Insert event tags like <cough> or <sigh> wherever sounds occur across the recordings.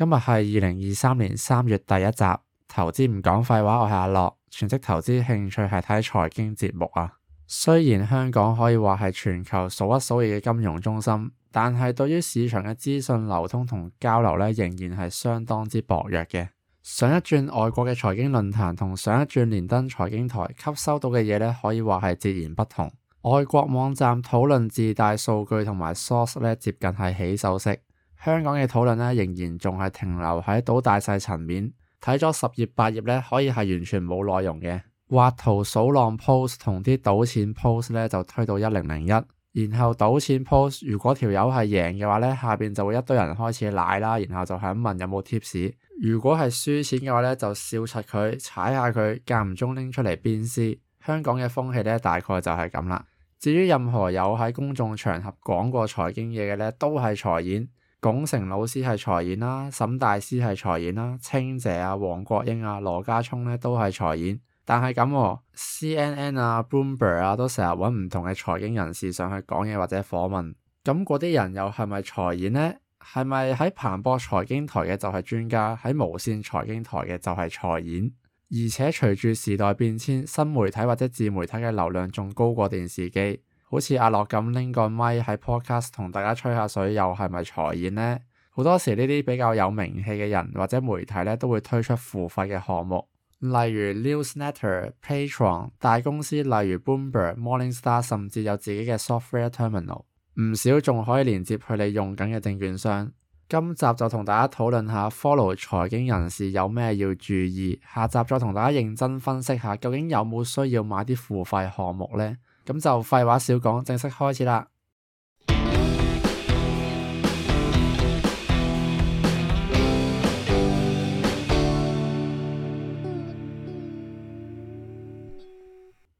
今日係二零二三年三月第一集，投資唔講廢話，我係阿樂，全職投資興趣係睇財經節目啊。雖然香港可以話係全球數一數二嘅金融中心，但係對於市場嘅資訊流通同交流呢，仍然係相當之薄弱嘅。上一轉外國嘅財經論壇同上一轉連登財經台吸收到嘅嘢呢，可以話係截然不同。外國網站討論自帶數據同埋 source 呢，接近係起手式。香港嘅討論咧，仍然仲係停留喺賭大細層面，睇咗十頁八頁咧，可以係完全冇內容嘅畫圖數浪 post 同啲賭錢 post 咧就推到一零零一，然後賭錢 post 如果條友係贏嘅話呢，下邊就會一堆人開始奶啦，然後就係咁問有冇貼士？如果係輸錢嘅話呢就笑柒佢，踩下佢，間唔中拎出嚟鞭屍。香港嘅風氣咧大概就係咁啦。至於任何有喺公眾場合講過財經嘢嘅呢都係財演。龔成老師係財演啦、啊，沈大師係財演啦、啊，清姐啊、黃國英啊、羅家聰咧都係財演。但係咁喎，CNN 啊、Bloomberg 啊都成日搵唔同嘅財經人士上去講嘢，或者訪問。咁嗰啲人又係咪財演咧？係咪喺彭博財經台嘅就係專家，喺無線財經台嘅就係財演？而且隨住時代變遷，新媒體或者自媒體嘅流量仲高過電視機。好似阿樂咁拎個麥喺 podcast 同大家吹下水，又係咪財演呢？好多時呢啲比較有名氣嘅人或者媒體呢，都會推出付費嘅項目，例如 Newsletter、Patreon、大公司例如 Bloomberg Morningstar，甚至有自己嘅 software terminal，唔少仲可以連接佢哋用緊嘅證券商。今集就同大家討論下 follow 財經人士有咩要注意，下集再同大家認真分析下，究竟有冇需要買啲付費項目呢？咁就廢話少講，正式開始啦。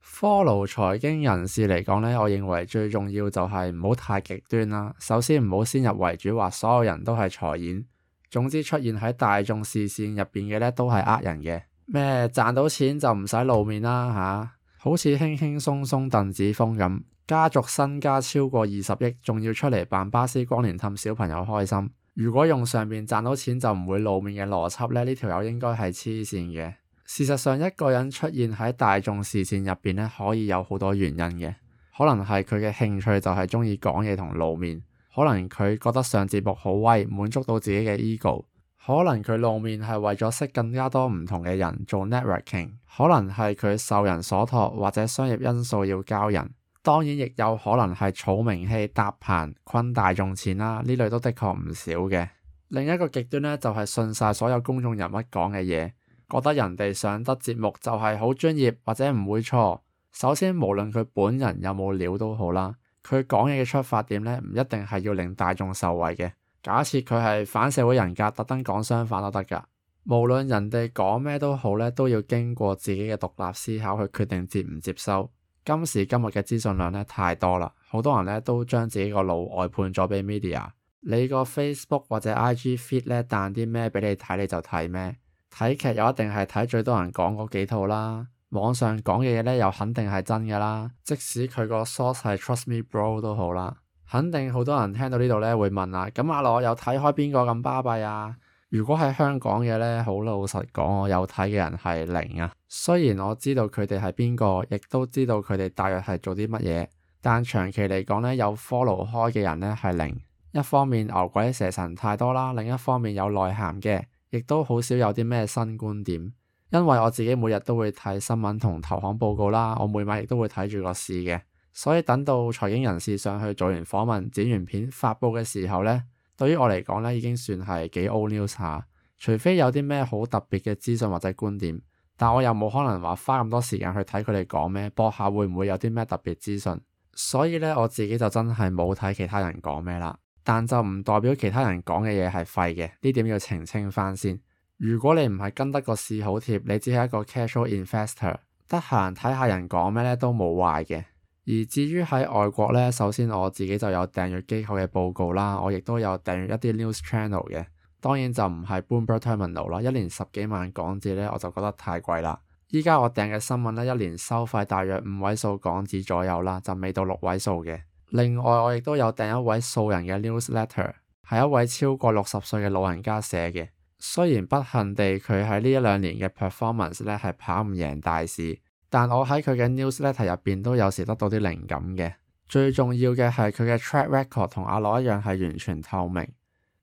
Follow <music> 財經人士嚟講，呢，我認為最重要就係唔好太極端啦。首先唔好先入為主，話所有人都係財演。總之出現喺大眾視線入邊嘅，呢都係呃人嘅。咩賺到錢就唔使露面啦嚇？啊。好似輕輕鬆鬆鄧梓峰咁，家族身家超過二十億，仲要出嚟扮巴斯光年氹小朋友開心。如果用上面賺到錢就唔會露面嘅邏輯呢，呢條友應該係黐線嘅。事實上，一個人出現喺大眾視線入邊呢，可以有好多原因嘅。可能係佢嘅興趣就係鍾意講嘢同露面，可能佢覺得上節目好威，滿足到自己嘅 ego。可能佢露面係為咗識更加多唔同嘅人做 networking，可能係佢受人所託或者商業因素要交人，當然亦有可能係儲名氣、搭棚、坤大眾錢啦，呢類都的確唔少嘅。另一個極端呢，就係信晒所有公眾人物講嘅嘢，覺得人哋上得節目就係好專業或者唔會錯。首先無論佢本人有冇料都好啦，佢講嘢嘅出發點呢，唔一定係要令大眾受惠嘅。假設佢係反社會人格，特登講相反都得噶。無論人哋講咩都好咧，都要經過自己嘅獨立思考去決定接唔接收。今時今日嘅資訊量咧太多啦，好多人咧都將自己個腦外判咗畀 media。你個 Facebook 或者 IG feed 咧彈啲咩畀你睇，你就睇咩。睇劇又一定係睇最多人講嗰幾套啦。網上講嘅嘢咧又肯定係真噶啦，即使佢個 source 係 Trust Me Bro 都好啦。肯定好多人聽到呢度咧，會問啦。咁阿樂有睇開邊個咁巴閉啊？如果係香港嘅咧，好老實講，我有睇嘅人係零啊。雖然我知道佢哋係邊個，亦都知道佢哋大約係做啲乜嘢，但長期嚟講咧，有 follow 開嘅人咧係零。一方面牛鬼蛇神太多啦，另一方面有內涵嘅，亦都好少有啲咩新觀點。因為我自己每日都會睇新聞同投行報告啦，我每晚亦都會睇住個市嘅。所以等到財經人士上去做完訪問，剪完片，發佈嘅時候呢，對於我嚟講呢已經算係幾 old news 啦、啊。除非有啲咩好特別嘅資訊或者觀點，但我又冇可能話花咁多時間去睇佢哋講咩，播下會唔會有啲咩特別資訊。所以呢，我自己就真係冇睇其他人講咩啦。但就唔代表其他人講嘅嘢係廢嘅，呢點要澄清翻先。如果你唔係跟得個市好貼，你只係一個 casual investor，得閒睇下人講咩呢都冇壞嘅。而至於喺外國呢，首先我自己就有訂閱機構嘅報告啦，我亦都有訂閱一啲 news channel 嘅，當然就唔係 Bloomberg Terminal 啦，一年十幾萬港紙咧，我就覺得太貴啦。依家我訂嘅新聞呢，一年收費大約五位數港紙左右啦，就未到六位數嘅。另外我亦都有訂一位素人嘅 news letter，係一位超過六十歲嘅老人家寫嘅。雖然不幸地佢喺呢一兩年嘅 performance 呢，係跑唔贏大市。但我喺佢嘅 newsletter 入邊都有時得到啲靈感嘅。最重要嘅係佢嘅 track record 同阿樂一樣係完全透明。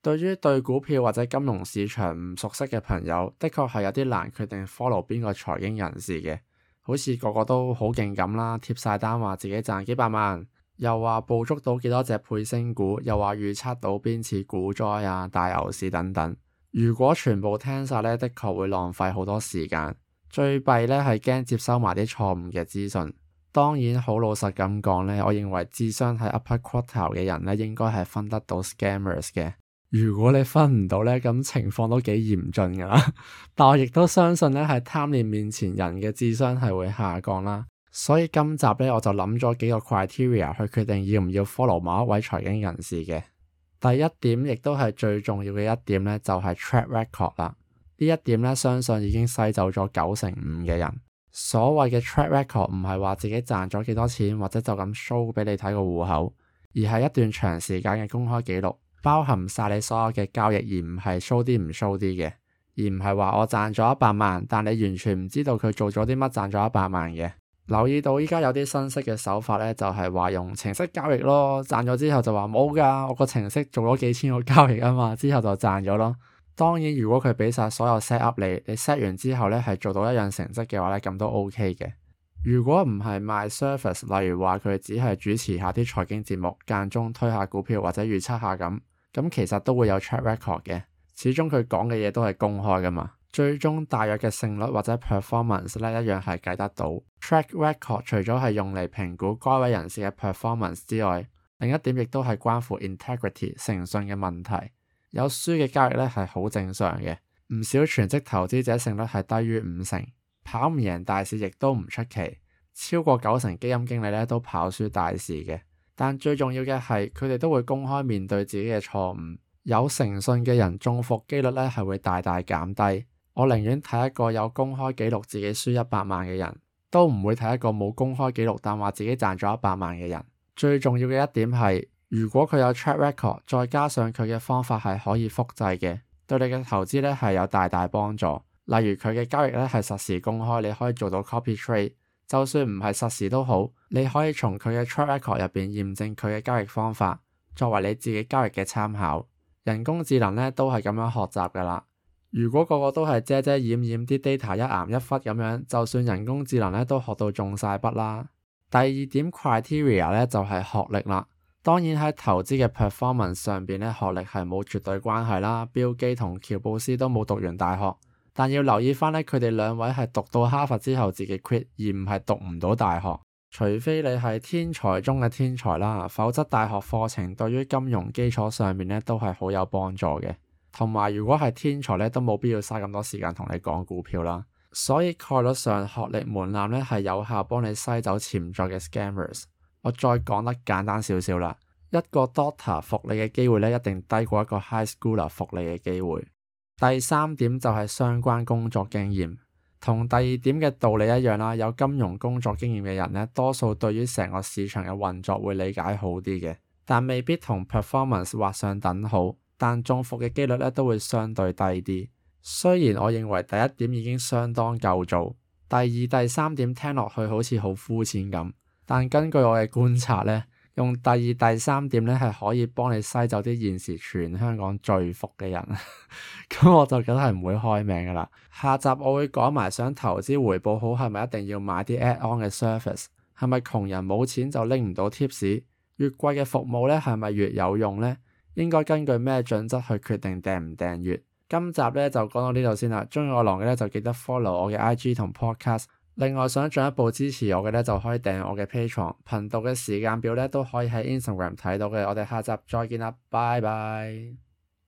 對於對股票或者金融市場唔熟悉嘅朋友，的確係有啲難決定 follow 邊個財經人士嘅。好似個個都好勁咁啦，貼晒單話自己賺幾百萬，又話捕捉到幾多隻配升股，又話預測到邊次股災啊、大牛市等等。如果全部聽晒咧，的確會浪費好多時間。最弊咧，係驚接收埋啲錯誤嘅資訊，當然好老實咁講咧，我認為智商喺 upper quartile 嘅人咧，應該係分得到 scammers 嘅。如果你分唔到咧，咁情況都幾嚴峻噶啦。 <laughs> 但我亦都相信咧，係貪念面前，人嘅智商係會下降啦。所以今集咧，我就諗咗幾個 criteria 去決定要唔要 follow 某一位財經人士嘅。第一點亦都係最重要嘅一點咧，就係、是、track record 啦。呢一點咧，相信已經篩走咗九成五嘅人。所謂嘅 track record 唔係話自己賺咗幾多錢，或者就咁 show 俾你睇個戶口，而係一段長時間嘅公開記錄，包含晒你所有嘅交易，而唔係 show 啲唔 show 啲嘅，而唔係話我賺咗一百萬，但你完全唔知道佢做咗啲乜賺咗一百萬嘅。留意到依家有啲新式嘅手法咧，就係話用程式交易咯，賺咗之後就話冇㗎，我個程式做咗幾千個交易啊嘛，之後就賺咗咯。當然，如果佢畀晒所有 set up 你，你 set 完之後咧係做到一樣成績嘅話咧，咁都 OK 嘅。如果唔係賣 service，例如話佢只係主持下啲財經節目，間中推下股票或者預測下咁，咁其實都會有 track record 嘅。始終佢講嘅嘢都係公開噶嘛，最終大約嘅勝率或者 performance 咧一樣係計得到。track record 除咗係用嚟評估該位人士嘅 performance 之外，另一點亦都係關乎 integrity 誠信嘅問題。有輸嘅交易咧係好正常嘅，唔少全職投資者勝率係低於五成，跑唔贏大市亦都唔出奇。超過九成基金經理咧都跑輸大市嘅，但最重要嘅係佢哋都會公開面對自己嘅錯誤。有誠信嘅人中伏機率咧係會大大減低。我寧願睇一個有公開記錄自己輸一百萬嘅人，都唔會睇一個冇公開記錄但話自己賺咗一百萬嘅人。最重要嘅一點係，如果佢有 track record，再加上佢嘅方法係可以複製嘅，對你嘅投資咧係有大大幫助。例如佢嘅交易咧係實時公開，你可以做到 copy trade，就算唔係實時都好，你可以從佢嘅 track record 入邊驗證佢嘅交易方法，作為你自己交易嘅參考。人工智能咧都係咁樣學習噶啦。如果個個都係遮遮掩掩啲 data 一岩一忽咁樣，就算人工智能咧都學到中晒筆啦。第二點 criteria 咧就係學歷啦。當然喺投資嘅 performance 上邊咧，學歷係冇絕對關係啦。Bill Gates 同喬布斯都冇讀完大學，但要留意返咧，佢哋兩位係讀到哈佛之後自己 quit，而唔係讀唔到大學。除非你係天才中嘅天才啦，否則大學課程對於金融基礎上面咧都係好有幫助嘅。同埋如果係天才呢，都冇必要嘥咁多時間同你講股票啦。所以概率上學歷門檻咧係有效幫你篩走潛在嘅 scammers。我再講得簡單少少啦。一個 doctor 福利嘅機會咧，一定低過一個 high schooler 福利嘅機會。第三點就係相關工作經驗，同第二點嘅道理一樣啦。有金融工作經驗嘅人咧，多數對於成個市場嘅運作會理解好啲嘅，但未必同 performance 畫上等號，但中伏嘅機率咧都會相對低啲。雖然我認為第一點已經相當夠做，第二、第三點聽落去好似好膚淺咁。但根據我嘅觀察咧，用第二、第三點咧係可以幫你篩走啲現時全香港最服嘅人，咁 <laughs> 我就梗係唔會開名噶啦。下集我會講埋想投資回報好係咪一定要買啲 add on 嘅 service，係咪窮人冇錢就拎唔到 tips，越貴嘅服務咧係咪越有用咧？應該根據咩準則去決定訂唔訂閱？今集咧就講到的的呢度先啦。中意我郎嘅咧就記得 follow 我嘅 IG 同 podcast。另外想進一步支持我嘅咧，就可以訂我嘅 Patreon 頻道嘅時間表咧，都可以喺 Instagram 睇到嘅。我哋下集再見啦，拜拜。